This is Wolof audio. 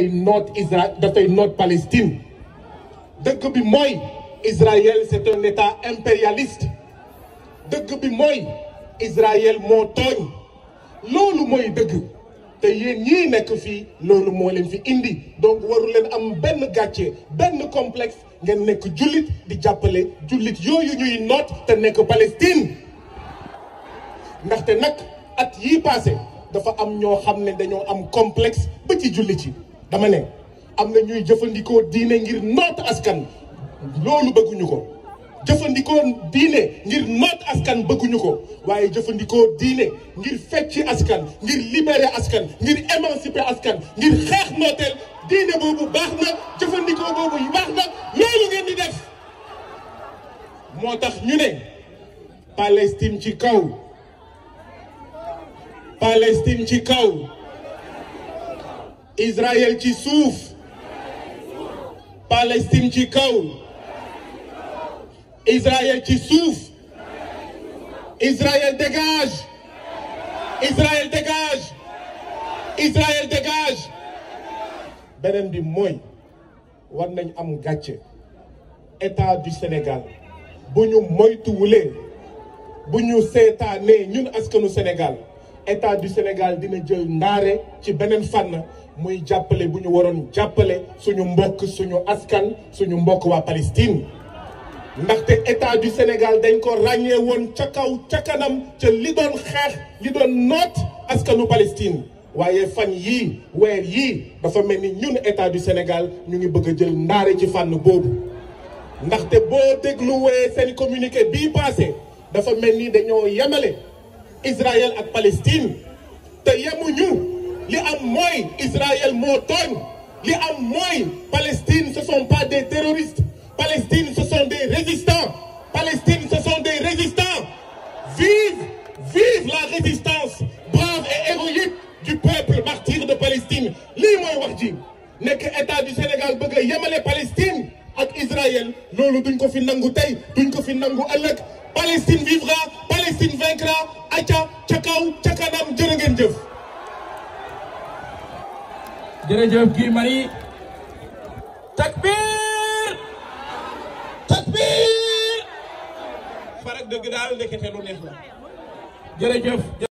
ay noot Israël dafay noot Palestine dëgg bi mooy Israël c'est un état dëgg bi mooy Israël moo tooñ loolu mooy dëgg te yéen ñii nekk fii loolu moo leen fi indi donc waru leen am benn gàcce benn complex ngeen nekk jullit di jàppale jullit yooyu ñuy noot te nekk Palestine ndaxte nag at yi passé dafa am ñoo xam ne dañoo am complexe ba ci jullit yi dama ne am na ñuy jëfandikoo diine ngir noot askan loolu bëgguñu ko jëfandikoo diine ngir noot askan bëgguñu ko waaye jëfandikoo diine ngir fecci askan ngir libérer askan ngir émanciper askan ngir xeex nooteel diine boobu baax na jëfandikoo boobu baax na loolu ngeen di def moo tax ñu ne Palestine ci kaw Palestine ci kaw Israël ci suuf Palestine ci kaw Israël ci suuf Israël dégage Israël dégage Israël dégage beneen bi mooy war nañ am gàcce état du Sénégal bu ñu moytuwulee bu ñu seetaanee ñun askanu Sénégal état du Sénégal dina jël ndaare ci beneen fànn muy jàppale bu ñu waroon jàppale suñu mbokk suñu askan suñu mbokk waa Palestine. ndaxte état du Sénégal dañ ko ràññee woon ca kaw ca kanam ca li doon xeex li doon noot askanu Palestine waaye fan yii weer yii dafa mel ni ñun état du Sénégal ñu ngi bëgg a jël ndaare ci fànn boobu. ndaxte boo dégluwee seen communiqué bi passé dafa mel ni dañoo yemale. Israël ak Palestine te yemuñu li a mooy Israël moo tooñ li am mooy Palestine ce sont pas des terroristes Palestine ce sont des résistants Palestine ce sont des résistants vive vive la résistance brave et héroïque du peuple martyr de Palestine lii mooy wax ji nekk état du Sénégal bëgg a yemale Palestine ak Israël loolu duñ ko nangu tey duñ ko fi nangu ëllëg Palestine vivra Palestine vaincra acca ca kaw ca kanam jërë ngeen jëf. jërëjëf farag dëgg daal ndekete lu neex